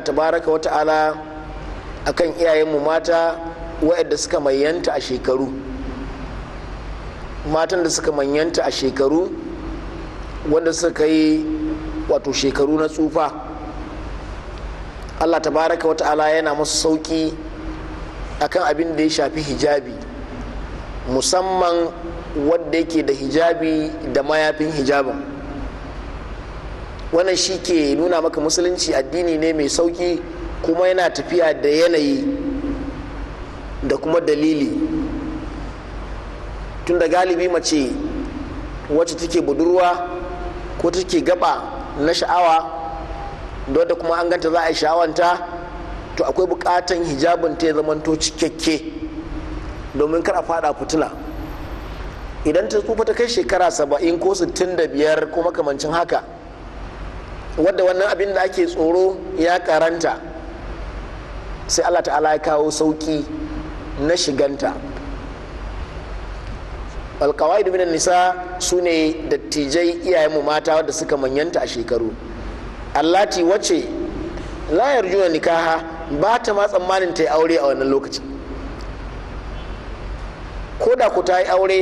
allah tabaraka wata'ala kan iyayenmu mata waɗanda suka manyanta a shekaru matan da suka manyanta a shekaru wanda suka yi wato shekaru na tsufa allah wata ala yana masu sauki kan abin da ya shafi hijabi musamman wadda yake da hijabi da mayafin hijabin wannan shi ke nuna maka musulunci addini ne mai sauki kuma yana tafiya da yanayi da kuma dalili tunda galibi mace wacce take budurwa ko take gaba na sha'awa da kuma an ganta za a yi sha'awanta to akwai bukatan hijabin ta ya zamanto cikakke domin kar a fada fitila idan ta tsufa ta kai shekara saba'in ko sittin da biyar ko makamancin haka wadda wannan abin da ake tsoro ya karanta sai allah ta'ala ya kawo sauki na shiganta alkawai da nisa su ne dattijai iyayen mu mata wadda suka manyanta a shekaru allati wace layar juna nikaha ba ta ma tsammanin ta yi aure a wannan lokaci ko da ku ta yi aure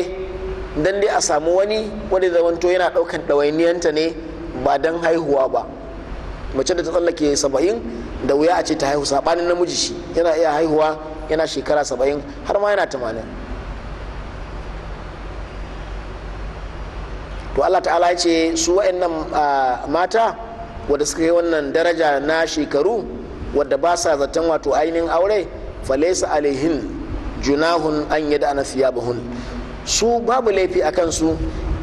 don dai a samu wani wadda zamanto yana ɗaukan ɗawainiyanta ne ba don haihuwa ba mace da ta tsallake saba'in da wuya a ce ta haihu saɓanin namiji shi yana iya haihuwa yana shekara saba'in har ma yana tamanin to allah ta'ala ya ce su wa'annan mata wadda suka yi wannan daraja na shekaru wadda ba sa zaton wato ainihin aure falesa alihin junahun an da ana fiya bahun su babu laifi a kansu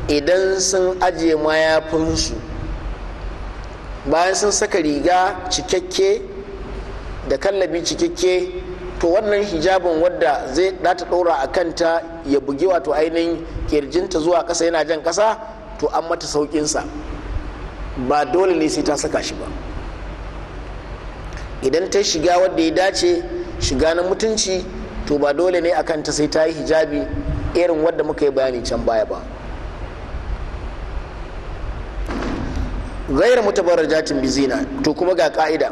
idan sun ajiye mayafinsu bayan sun saka riga cikakke da kallabi cikakke to wannan hijabin wadda zai ta ɗora a kanta ya bugi wato ainihin kirjinta zuwa ƙasa yana jan ƙasa to an mata sauƙinsa ba dole ne sai ta saka shi ba idan ta shiga wadda ya dace shiga na mutunci to ba dole ne a kanta sai ta yi hijabi irin wadda muka yi bayani can baya ba gaira mutabarrajatin bizina to kuma ga ka'ida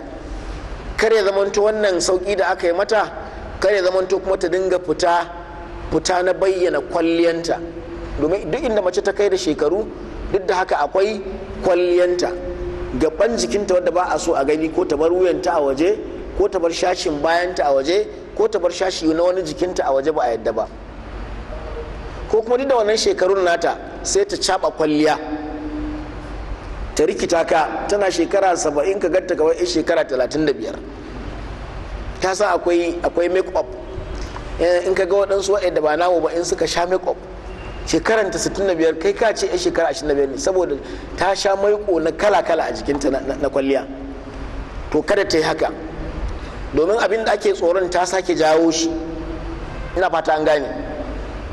kare zamanto wannan sauki da aka yi mata kare zamanto kuma ta dinga fita fita na bayyana kwalliyanta domin duk inda mace ta kai da shekaru duk da haka akwai kwalliyanta gaban jikinta wadda ba a so a gani ko ta bar wuyanta a waje ko ta bar shashin bayanta a waje ko ta bar shashi na wani jikinta a waje ba a yadda ba ko kuma duk da wannan shekarun nata sai ta caɓa kwalliya ta rikita ka tana shekara saba'in ka gatta kawai in shekara talatin da biyar ta sa akwai akwai make up eh, in ka ga waɗansu waɗanda ba namu ba in suka sha make up shekaran ta sittin da biyar kai ka ce yan shekara ashirin da biyar ne saboda ta sha maiko na kala kala a jikinta na kwalliya to kada ta yi haka domin abin da ake tsoron ta sake jawo shi ina fata an gane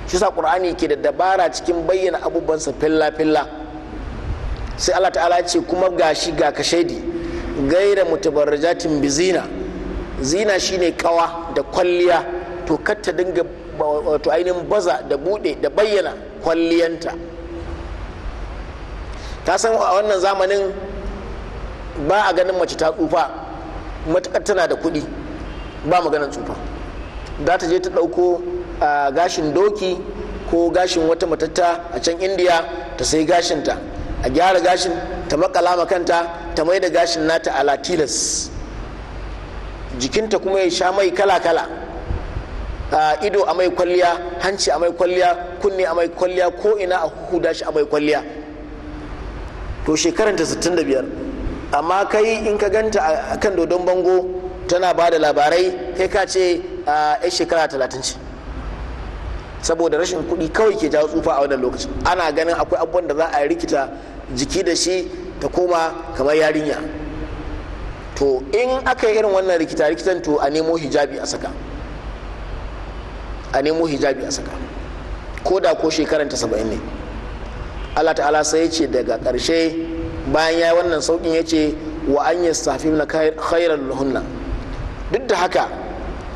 shi sa ƙur'ani ke da dabara cikin bayyana sa filla-filla sai Allah ta'ala ce kuma gashi ga ka shaidi gaira mutabarrajatin bi zina zina shine kawa da kwalliya to kar dinga wato ainihin baza da bude da bayyana kwalliyanta ta san a wannan zamanin ba a ganin mace ta tsufa matukar tana da kuɗi ba maganar tsufa za ta je ta ɗauko ah, gashin doki ko gashin wata matatta a can indiya ta sai gashinta a gyara gashin ta makala ma kanta ta mai da gashin nata a tilas jikinta kuma ya sha mai kala-kala a ido a mai kwalliya hanci a mai kwalliya kunne a mai kwalliya ko ina a huda shi a mai kwalliya to shekaranta 65 amma kai in ka ganta a kan dodon bango tana ba da labarai kai ka ce a 'yan shekara 30 ce saboda rashin kuɗi kawai ke jawo tsufa a wannan lokacin ana ganin akwai abubuwan da za a rikita jiki da shi ta koma kamar yarinya to in aka yi irin wannan rikita rikitan to a nemo hijabi a saka a nemo hijabi a saka ko da ko shekaran ta saba'in ne allah ta'ala sai ya ce daga ƙarshe bayan ya wannan sauƙin ya ce wa an yi safi na khairar duk da haka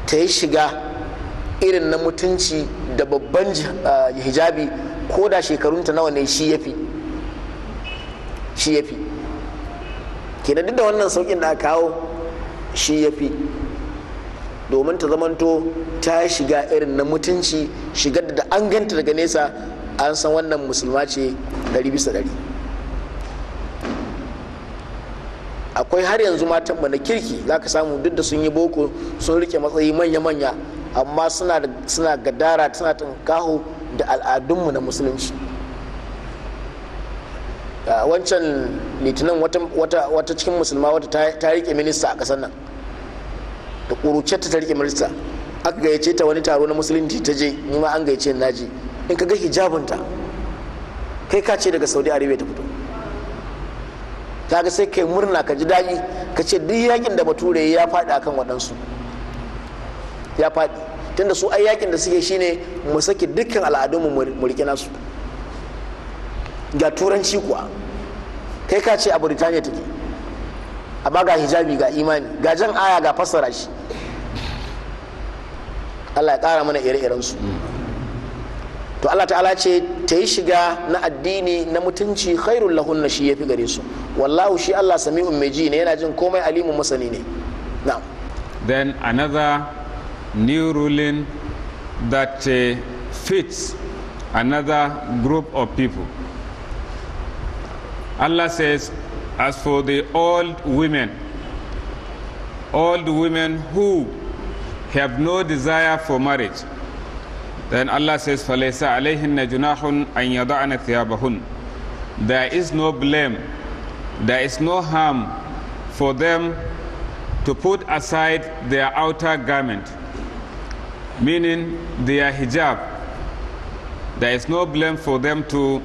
ta yi shiga irin na mutunci da babban hijabi ko da shekarunta nawa ne shi ya fi, shi ya fi kenan duk da wannan saukin da kawo shi ya fi. domin ta zamanto ta shiga irin na mutunci shiga da an ganta daga nesa an san wannan musulma ce dari bisa dari akwai har yanzu matan na kirki za ka samu duk da sun yi boko sun rike matsayi manya-manya amma suna gadara suna tunkahu da al'adunmu na musulunci ah, wancan litinin wata cikin musulma wata ta rike minista a kasar nan da ƙuruce ta rike minista aka gayyace ta wani taro na musulunci ta je nima an gayyace na je in ka ga hijabinta kai ka ce daga saudi arabia ta fito ta ga sai kai murna ka ji daɗi ka ce duk yakin da bature ya faɗi akan waɗansu ya faɗi tunda su ai yakin da suke shine mu saki dukkan al'adunmu mu riƙe nasu ga turanci kuwa kai ka ce a burtaniya take amma ga hijabi ga imani ga jan aya ga fassara shi allah ya ƙara mana ire-iren su to allah ta'ala ce ta yi shiga na addini na mutunci khairun lahunna shi ya fi gare su wallahu shi allah sami mai ji ne yana jin komai alimun masani ne na'am then another new ruling that uh, fits another group of people. Allah says, as for the old women, old women who have no desire for marriage, then Allah says, فَلَيْسَ عَلَيْهِنَّ جُنَاحٌ أَنْ يَضَعْنَ ثِيَابَهُنَّ There is no blame, there is no harm for them to put aside their outer garment meaning their hijab. There is no blame for them to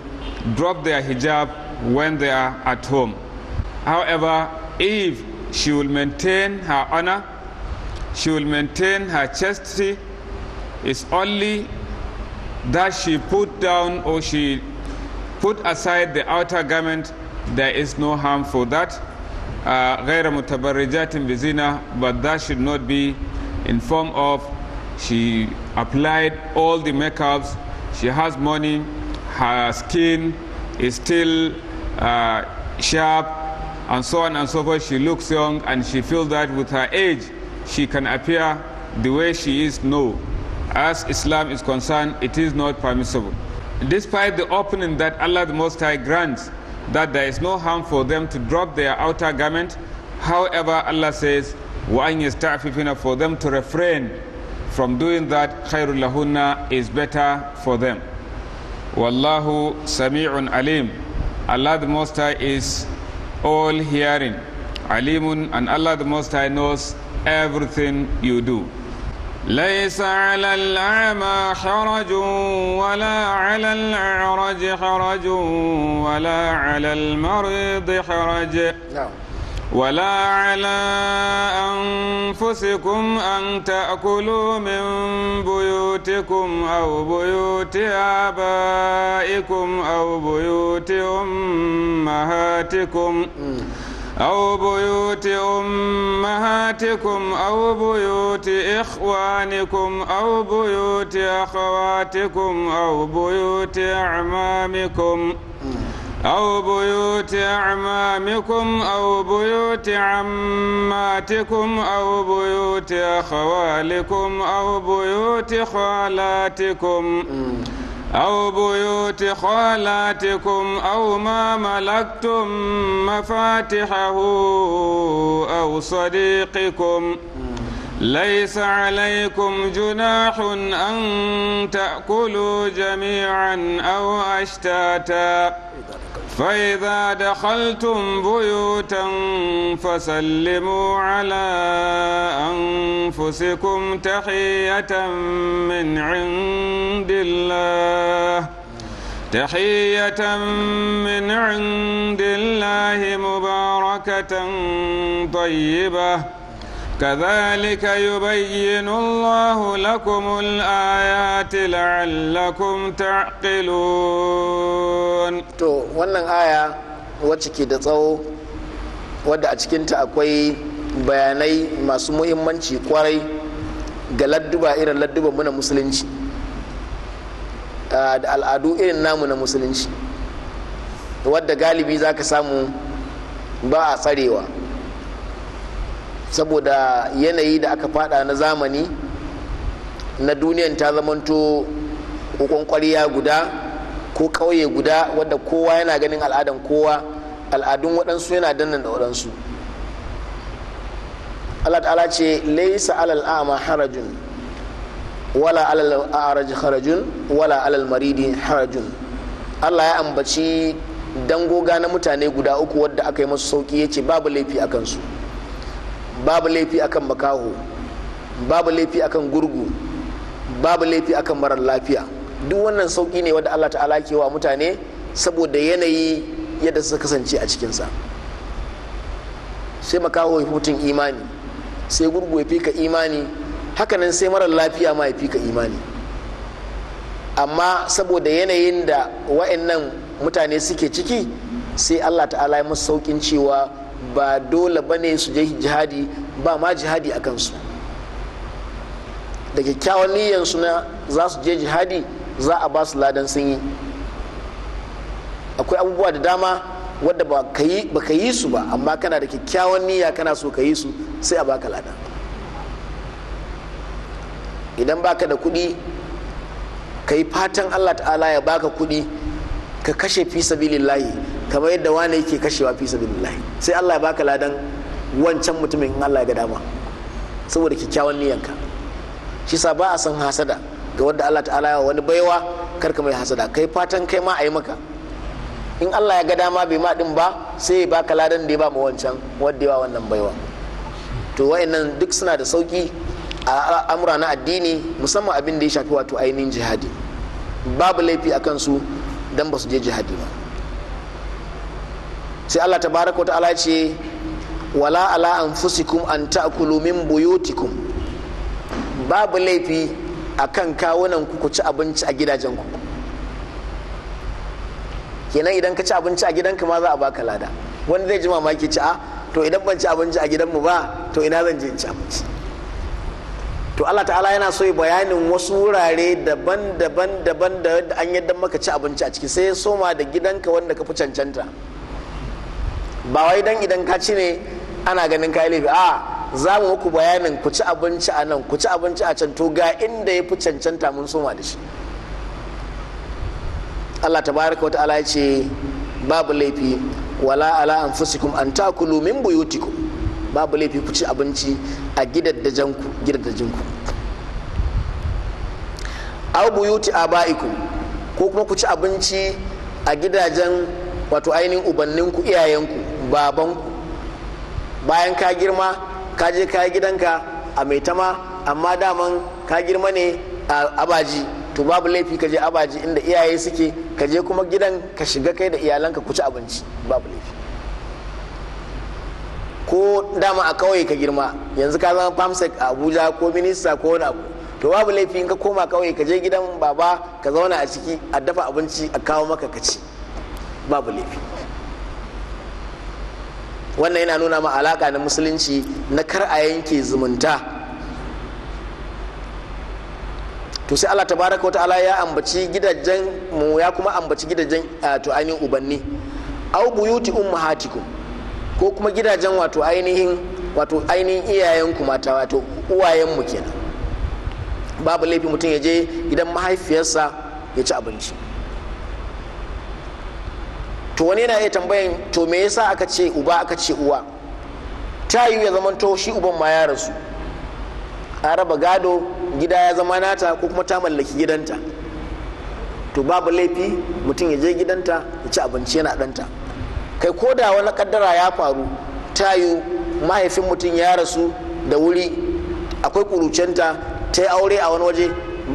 drop their hijab when they are at home. However, if she will maintain her honor, she will maintain her chastity, it's only that she put down or she put aside the outer garment, there is no harm for that. Uh, غير متبرجات بزنا but that should not be in form of she applied all the makeups. She has money. Her skin is still uh, sharp and so on and so forth. She looks young and she feels that with her age, she can appear the way she is. No. As Islam is concerned, it is not permissible. Despite the opening that Allah the Most High grants, that there is no harm for them to drop their outer garment. However, Allah says, وَأَنْ يَسْتَعْفِفِنَا for them to refrain from doing that khairul lahunna is better for them. Wallahu sami'un alim. Allah the Most High is all hearing. Alimun and Allah the Most High knows everything you do. ليس على الأعمى حرج ولا على الأعرج حرج ولا على المريض حرج. No. ولا على أنفسكم أن تأكلوا من بيوتكم أو بيوت آبائكم أو بيوت أمهاتكم أو بيوت أمهاتكم أو بيوت إخوانكم أو بيوت أخواتكم أو بيوت أعمامكم أو بيوت أعمامكم أو بيوت عماتكم أو بيوت أخوالكم أو بيوت خالاتكم أو بيوت خالاتكم أو ما ملكتم مفاتحه أو صديقكم ليس عليكم جناح أن تأكلوا جميعا أو أشتاتا فإذا دخلتم بيوتا فسلموا على أنفسكم تحية من عند الله تحية من عند الله مباركة طيبة كذلك يبين الله لكم الآيات لعلكم تعقلون to wannan aya wacce ke da tsawo wadda a cikinta akwai bayanai masu muhimmanci kwarai ga ladduba irin ladduba mu na musulunci ah, da al'adu irin namu na musulunci wadda galibi za ka samu ba a tsarewa saboda yanayi da aka fada na zamani na duniyan ta zamanto kokon guda ko ƙauye guda wadda kowa yana ganin al'adan kowa al'adun waɗansu yana dannan da waɗansu Allah ta'ala ce laisa alal a'ma harajun wala alal a'raj harajun wala alal maridi harajun Allah ya ambaci dangoga na mutane guda uku wadda aka yi masu sauki yace babu laifi a kansu babu laifi akan makaho babu laifi akan gurgu babu laifi akan marar lafiya duk wannan sauki ne wanda Allah ta'ala ke wa mutane saboda yanayi yadda su kasance a cikinsa sai makaho ya mutum imani sai gurgu ya fika imani hakanan sai marar lafiya ma ya fika imani amma saboda yanayin da wa'annan mutane suke ciki sai Allah ta'ala ya musu saukin cewa ba dole ba ne su je jihadi ba ma jihadi a kansu da kyakkyawan niyyansu na za su je jihadi za a ba su ladan sun yi akwai abubuwa da dama wadda ba ka yi su ba amma kana da kyakkyawan niyya kana so ka yi su sai a baka ladan idan baka da kuɗi ka yi fatan allah ta'ala ya baka kuɗi ka kashe fi sabilillahi kamar yadda wani yake kashewa fi sabilillah sai Allah ya baka ladan wancan mutumin in Allah ya ga dama saboda kyakkyawan niyanka shi sa ba a san hasada ga wanda Allah ta'ala ya wani baiwa kar ka mai hasada kai fatan kai ma a yi maka in Allah ya ga dama bai ma din ba sai ya baka ladan da ya ba mu wancan wanda ya wannan baiwa to wayannan duk suna da sauki a amura na addini musamman abin da ya shafi wato ainihin jihadi babu laifi akan su dan ba su je jihadi ba sai Allah ta baraka wata ala ce wala ala an fusikum an ta'kulu min buyutikum babu laifi a kan kawunan ku ci abinci a gidajenku kenan idan ka ci abinci a gidanka ma za a baka lada wanda zai ji mamaki ci a ah, to idan ban ci abinci a gidanmu ba to ina zan je in ci abinci to Allah ta'ala yana so bayanin wasu wurare daban-daban daban da an yadda maka ci abinci a ciki sai ya soma da gidanka wanda ka fi cancanta ba wai dan idan ka ci ne ana ganin kayi laifi a za mu muku bayanin ku ci abinci a nan ku ci abinci a can to ga inda ya fi cancanta mun soma da shi Allah ta wa ta'ala ya ce babu laifi wala ala anfusikum an takulu min buyutikum babu laifi ku ci abinci a gidaddajenku ku. Au buyuti abaiku ko kuma ku ci abinci a gidajen wato ainihin ubanninku iyayenku baban bayan ka girma ka je ka gidanka a mai tama amma daman ka girma ne a abaji to babu laifi ka je abaji inda iyaye suke ka je kuma gidan ka shiga kai da iyalanka ku ci abinci babu laifi ko dama a kauye ka girma yanzu ka zama FAMSEC a abuja ko minista ko wani abu to babu laifi in ka koma kauye ka je gidan baba ka zauna a ciki a dafa abinci a kawo maka ka ci babu laifi wannan yana nuna ma alaka na musulunci na kar a yanke zumunta to sai Allah tabaraka wa ta'ala ya ambaci gidajen mu ya kuma ambaci gidajen to ainihin ubanni au buyuti ummahatikum ko kuma gidajen wato ainihin wato ainihin iyayenku mata wato uwayenmu kenan babu laifi mutum ya je gidan mahaifiyarsa ya ci abinci to wani yana iya tambayan to me yasa aka ce uba aka ce uwa ta yiwu ya zama to shi uban ma ya rasu a raba gado gida ya zama nata ko kuma ta mallaki gidanta to babu laifi mutum ya je gidanta ya ci abinci yana ɗanta kai ko da wani kaddara ya faru ta yiwu mahaifin mutum ya rasu da wuri akwai kurucenta ta yi aure a wani waje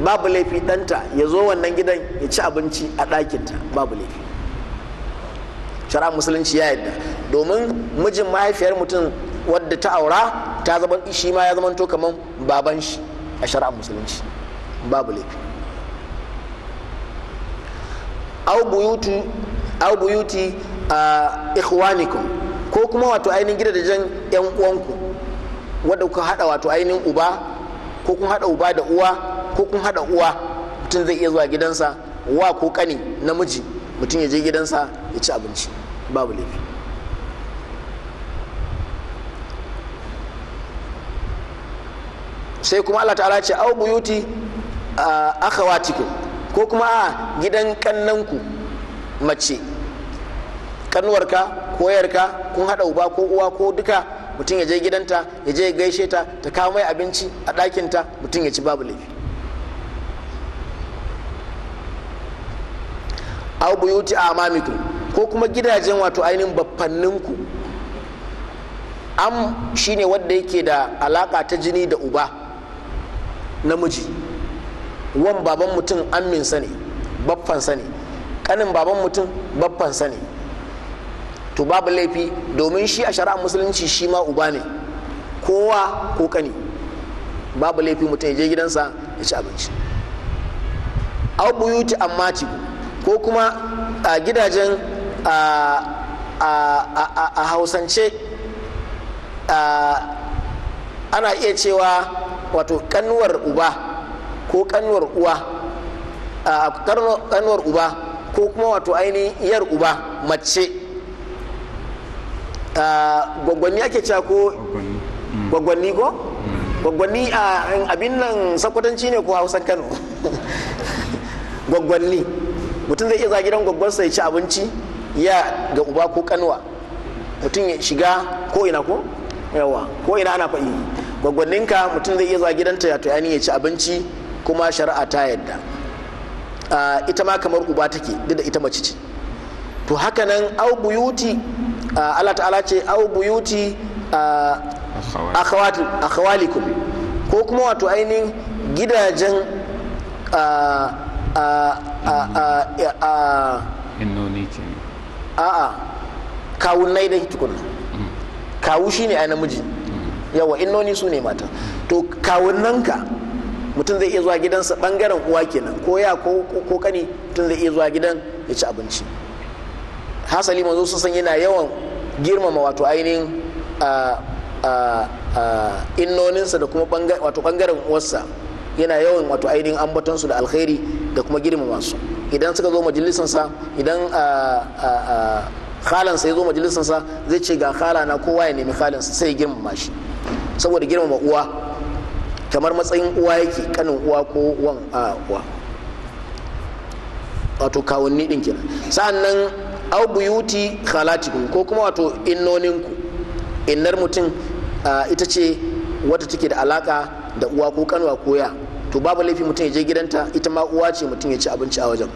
babu laifi ɗanta ya zo wannan gidan ya ci abinci a ɗakinta babu laifi shara musulunci ya yadda domin mijin mahaifiyar mutum wadda ta aura ta zama shi ma ya zamanto kamar baban shi a shara musulunci babu laifi au buyuti a ikhwanikum ko kuma wato ainihin gidajen yan uwanku wadda kuka hada wato ainihin uba ko kun hada uba da uwa ko kun hada uwa mutum zai iya zuwa gidansa wa ko kani namiji mutum ya je gidansa ya ci abinci babu laifi sai kuma Allah ta'ala ce au buyuti akhawatikum ko kuma a gidan kannanku mace kannuwarka koyarka kun hada uba ko uwa ko duka mutum ya je gidanta ya je gaishe ta ta kawo mai abinci a ɗakinta mutum ya ci babu laifi au buyuti amamikum ko kuma gidajen wato ainihin bafanninku am shine wadda yake da alaka ta jini da uba namiji wan baban mutum amminsa ne baffansa ne kanin baban mutum baffansa ne to babu laifi domin shi a shari'ar musulunci shi ma uba ne kowa ko kani babu laifi mutum ya je gidansa ya ci abinci au buyuti ammati ko kuma a gidajen a hausance ana iya cewa wato kanuwar uba ko kanuwar uwa kanuwar uba ko kuma wato ainihin yar uba mace gwaggwani ake cewa ko gwaggwani mm. ko mm. gwaggwani a abin nan sakwatanci ne ko hausan kano gwaggwani mutum zai iya za gidan gwaggwansa ya ci abinci ya ga uba ko kanwa mutum ya shiga ko ina ko yawa ko ina ana faɗi gwaggwanninka mutum zai iya zuwa gidanta ya tuyani ya ci abinci kuma shari'a ta yadda ita ma kamar uba take duk da ita mace ce to haka nan au buyuti Allah ta'ala ce au buyuti akhawalikum ko kuma wato ainihin gidajen innoni ce a'a kawun nai dai tukunna kawu shine ai namiji yawa innoni su ne mata to kawun ka mutum zai iya zuwa gidansa bangaren uwa kenan ko ya ko kani mutum zai iya zuwa gidan ya ci abinci hasali manzo sun san yana yawan girmama wato ainihin innoninsa da kuma wato bangaren uwarsa yana yawan wato ainihin ambatonsu da alkhairi da kuma girmama su idan suka zo majalisansa idan ah, ah, ah, khalansa ya zo majalisansa zai ce ga na kowa ya nemi khalansa sai ya girmama shi saboda girmama uwa kamar matsayin uwa yake kanin uwa ko wan uwa wato kawunni din kenan nan au buyuti khalatikum ko kuma wato innoninku innar mutum ita ce wata take da alaka da uwa ko kanwa ko ya to babu laifi mutum ya je gidanta ita ma uwa ce mutum ya ci abinci a wajen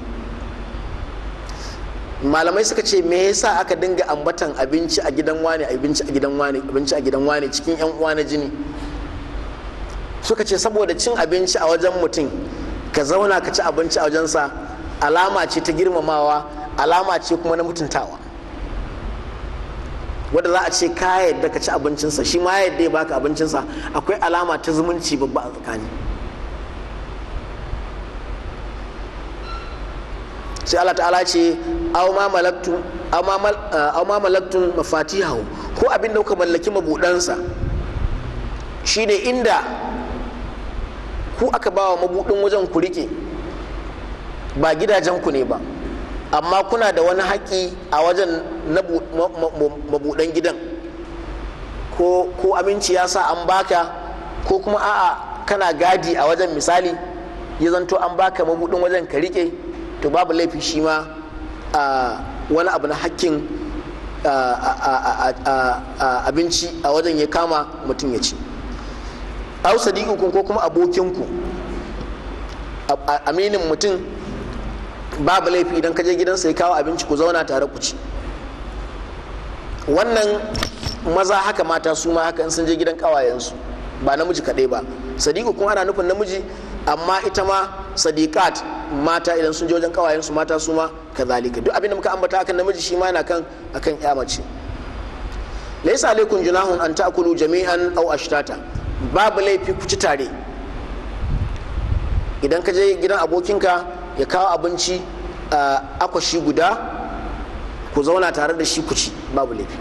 malamai suka ce me yasa aka dinga ambatan abinci a gidan wane abinci a gidan wane abinci a gidan wane cikin yan uwa na jini suka ce saboda cin abinci a wajen mutum ka zauna ka ci abinci a wajensa alama ce ta girmamawa alama ce kuma na mutuntawa wadda za a ce ka yadda ka ci abincinsa shi ma yadda ya baka abincinsa akwai alama ta zumunci babba a tsakani sai Allah ta'ala ce aw ma malaktun eh, ko abin da kuka mallaki mabudansa shine inda ku aka bawa mabudin wajen ku rike ba gidajen ku ne ba amma kuna da wani haƙi a wajen mabudan gidan ko aminci ya sa an baka ko kuma a'a kana gadi a wajen misali ya zanto an baka mabudin wajen ka rike to babu laifi shi ma wani abu na hakkin abinci a wajen ya kama mutum ya ci au sadiqukun ko kuma abokinku aminin mutum babu laifi idan ka je gidansa ya kawo abinci ku zauna tare ku ci wannan maza haka mata su ma haka in sun je gidan kawayensu ba namiji kaɗai ba sadiku kuma ana nufin namiji amma ita ma sadiqat mata idan sun je wajen kawayen su mata su ma kazalika duk abin da muka ambata akan namiji shi ma yana kan akan ya mace laysa alaykum junahun an ta'kulu jami'an aw ashtata babu laifi ku ci tare idan ka je gidan abokinka ya kawo abinci akwashi guda ku zauna tare da shi ku ci babu laifi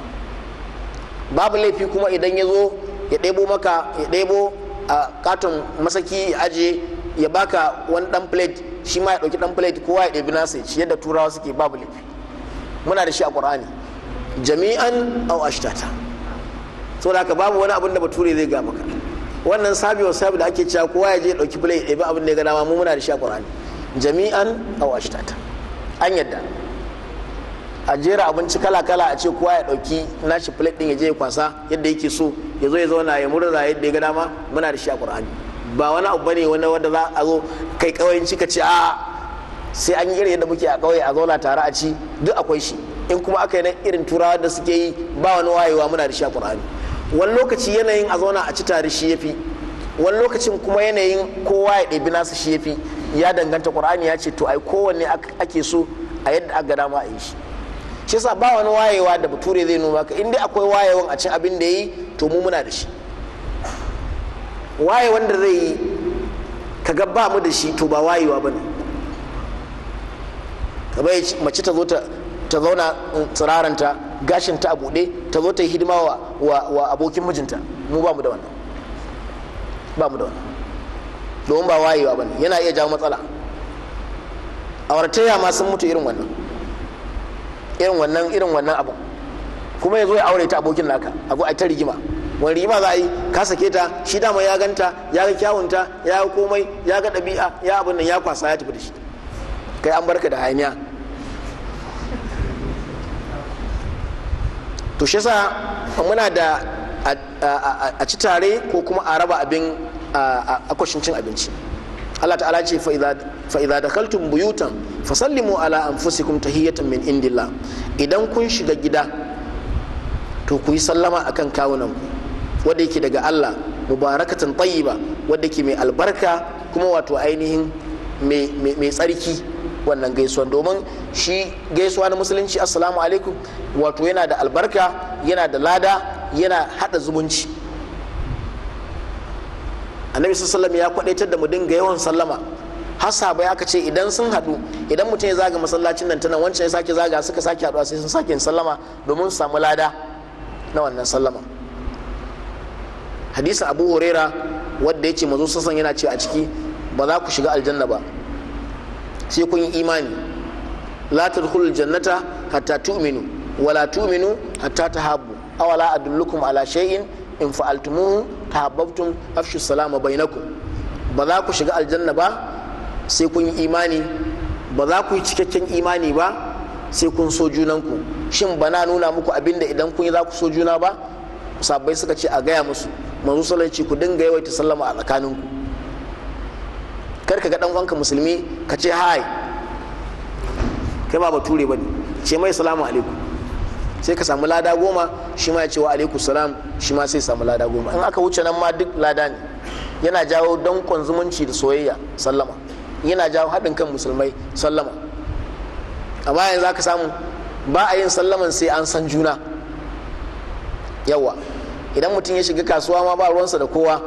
babu laifi kuma idan ya zo ya ɗebo maka ya ɗebo a katon masaki ya ajiye. ya baka wani dan plate shi ma ya dauki dan plate kowa ya ɗabi nasa shi yadda turawa suke babu laifi muna da shi a qur'ani jami'an aw ashtata saboda haka babu wani abin da bature zai ga maka wannan sabi wa sabi da ake cewa kowa ya je dauki plate ya ɗabi abin da ya ga dama mu muna da shi a qur'ani jami'an aw ashtata an yadda a jera abinci kala-kala a ce kowa ya ɗauki nashi plate din ya je ya kwasa yadda yake so ya zo ya zauna ya murza yadda ya ga dama muna da shi a ƙur'ani ba wani abu bane wani wanda za a zo kai ƙauyenci ka ce a sai an yi irin yadda muke a ƙauye a zauna tare a ci duk akwai shi in kuma aka yi na irin turawa da suke yi ba wani wayewa muna da shi a ƙur'ani wani lokaci yanayin a zauna a ci tare shi yafi wani lokacin kuma yanayin kowa ya ɗebi nasa shi yafi ya danganta ƙur'ani ya ce to ai kowanne ake so a yadda aka dama a yi shi shi yasa ba wani wayewa da bature zai noma ka in dai akwai wayewan a cin abin da yi to mu muna da shi waye wanda zai yi kaga ba mu da shi to ba wayewa ba ne kamar mace ta zo ta zauna mm, tsiraranta gashinta a buɗe ta zo ta yi hidima wa abokin mijinta mu ba mu da wannan ba mu da wannan domin ba wayewa ba ne yana iya jawo matsala auratayya ma sun mutu irin wannan irin wannan irin wannan abu kuma ya zo ya aure ta abokin naka a ta rigima wani rigima za a yi ka sake ta shi dama ya ganta ya ga kyawunta ya ga komai ya ga ɗabi'a ya abin nan ya kwasa ya tafi da shi kai an barka da hanya to shi sa muna da a ci tare ko kuma a raba abin kwashin cin abinci Allah ta'ala ce fa idza dakaltum buyutan fasallimu ala anfusikum tahiyatan min indillah idan kun shiga gida to ku yi sallama akan kawunanku wanda yake daga Allah mubarakatan tayyiba wanda yake mai albarka kuma wato ainihin mai tsarki wannan gaisuwan domin shi gaisuwa na musulunci assalamu alaikum wato yana da albarka yana da lada yana hada zumunci annabi sallam ya kwadaitar da mu dinga yawan sallama har sabai aka ce idan sun hadu idan mutum ya zaga masallacin nan tana wancan ya sake zaga suka sake haduwa sai sun sake sallama domin su samu lada na wannan sallama hadisin abu huraira wanda ce mazo sassan yana ce a ciki ba za ku shiga aljanna ba sai kun yi imani la tadkhulul jannata hatta tu'minu wala tu'minu hatta tahabbu awala adullukum ala shay'in in fa'altumuhu tahabbabtum afshu salama bainakum ba za ku shiga aljanna ba sai kun yi imani ba za ku yi cikakken imani ba sai kun so junanku shin bana nuna muku abinda idan kun yi za ku so juna ba sabbai suka ce a gaya musu manzo sallallahu alaihi ku dinga yawaita sallama a tsakaninku kar ka ga dan uwanka musulmi ka ce hai kai ba bature bane ce mai salamu alaikum sai ka samu lada goma shi ma ya ce wa alaikum salam shi ma sai samu lada goma in aka wuce nan ma duk lada ne yana jawo dankon zumunci da soyayya sallama yana jawo haɗin kan musulmai sallama amma yanzu aka samu ba a yin sallaman sai an san juna yawa idan mutum ya shiga kasuwa ma ba ruwansa da kowa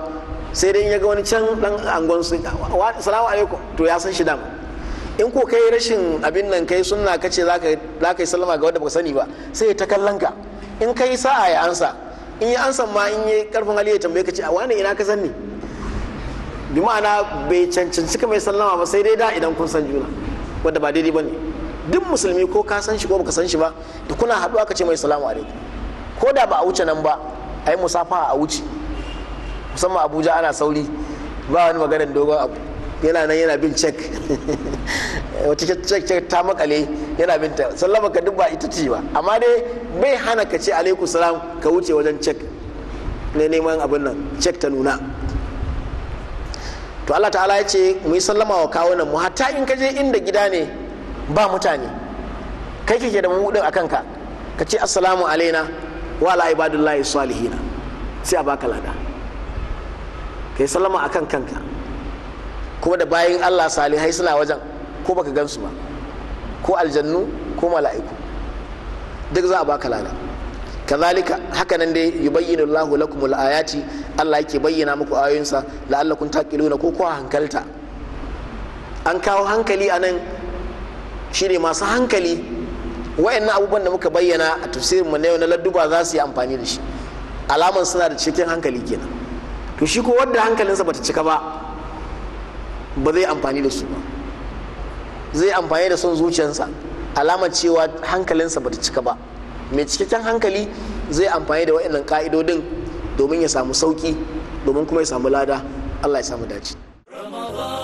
sai dai ya ga wani can dan angon su salamu alaikum to ya san shi dan in ko kai rashin abin nan kai sunna kace zaka zaka yi sallama ga wanda baka sani ba sai ta kallon ka in kai sa'a ya ansa in yi ansa ma in yi karfin hali ya tambaye ka ce a wani ina ka sani bi ma'ana bai cancanci ka mai sallama ba sai dai da idan kun san juna wanda ba daidai ba ne duk musulmi ko ka san shi ko baka san shi ba da kuna haɗuwa ka ce mai salamu alaikum ko da ba a wuce nan ba ai musafa a wuce musamman abuja ana sauri ba wani maganar dogon abu yana nan yana bin cek wata cek cek ta makale yana bin ta sallama ka duk ba ita ce ba amma dai bai hana ka ce alaikum salam ka wuce wajen cek ne neman abin nan cek ta nuna to Allah ta'ala ya ce mu yi sallama wa kawunan mu hatta in ka je inda gida ne ba mutane kai kake da mu a kanka ka ce assalamu alaina wa ala ibadullahi salihina sai a baka lada kai a kan kanka kuma da bayin Allah salihai suna wajen ko baka gansu ba ko aljannu ko mala'iku duk za a baka lada kazalika haka nan dai yubayyinu Allahu lakum ayati Allah yake bayyana muku ayoyinsa la'allakum taqiluna ko ko hankalta an kawo hankali anan shine masu hankali wa'annan abubuwan da muka bayyana a tafsirin mu na yau na ladduba za su yi amfani da shi alaman suna da cikin hankali kenan to shi ko wanda hankalinsa bata cika ba ba zai amfani da su ba zai amfani da son zuciyarsa alamar cewa hankalinsa bata cika ba mai cikakken hankali zai amfani da wa'annan ka'idodin domin ya samu sauki domin kuma ya samu lada allah ya samu dace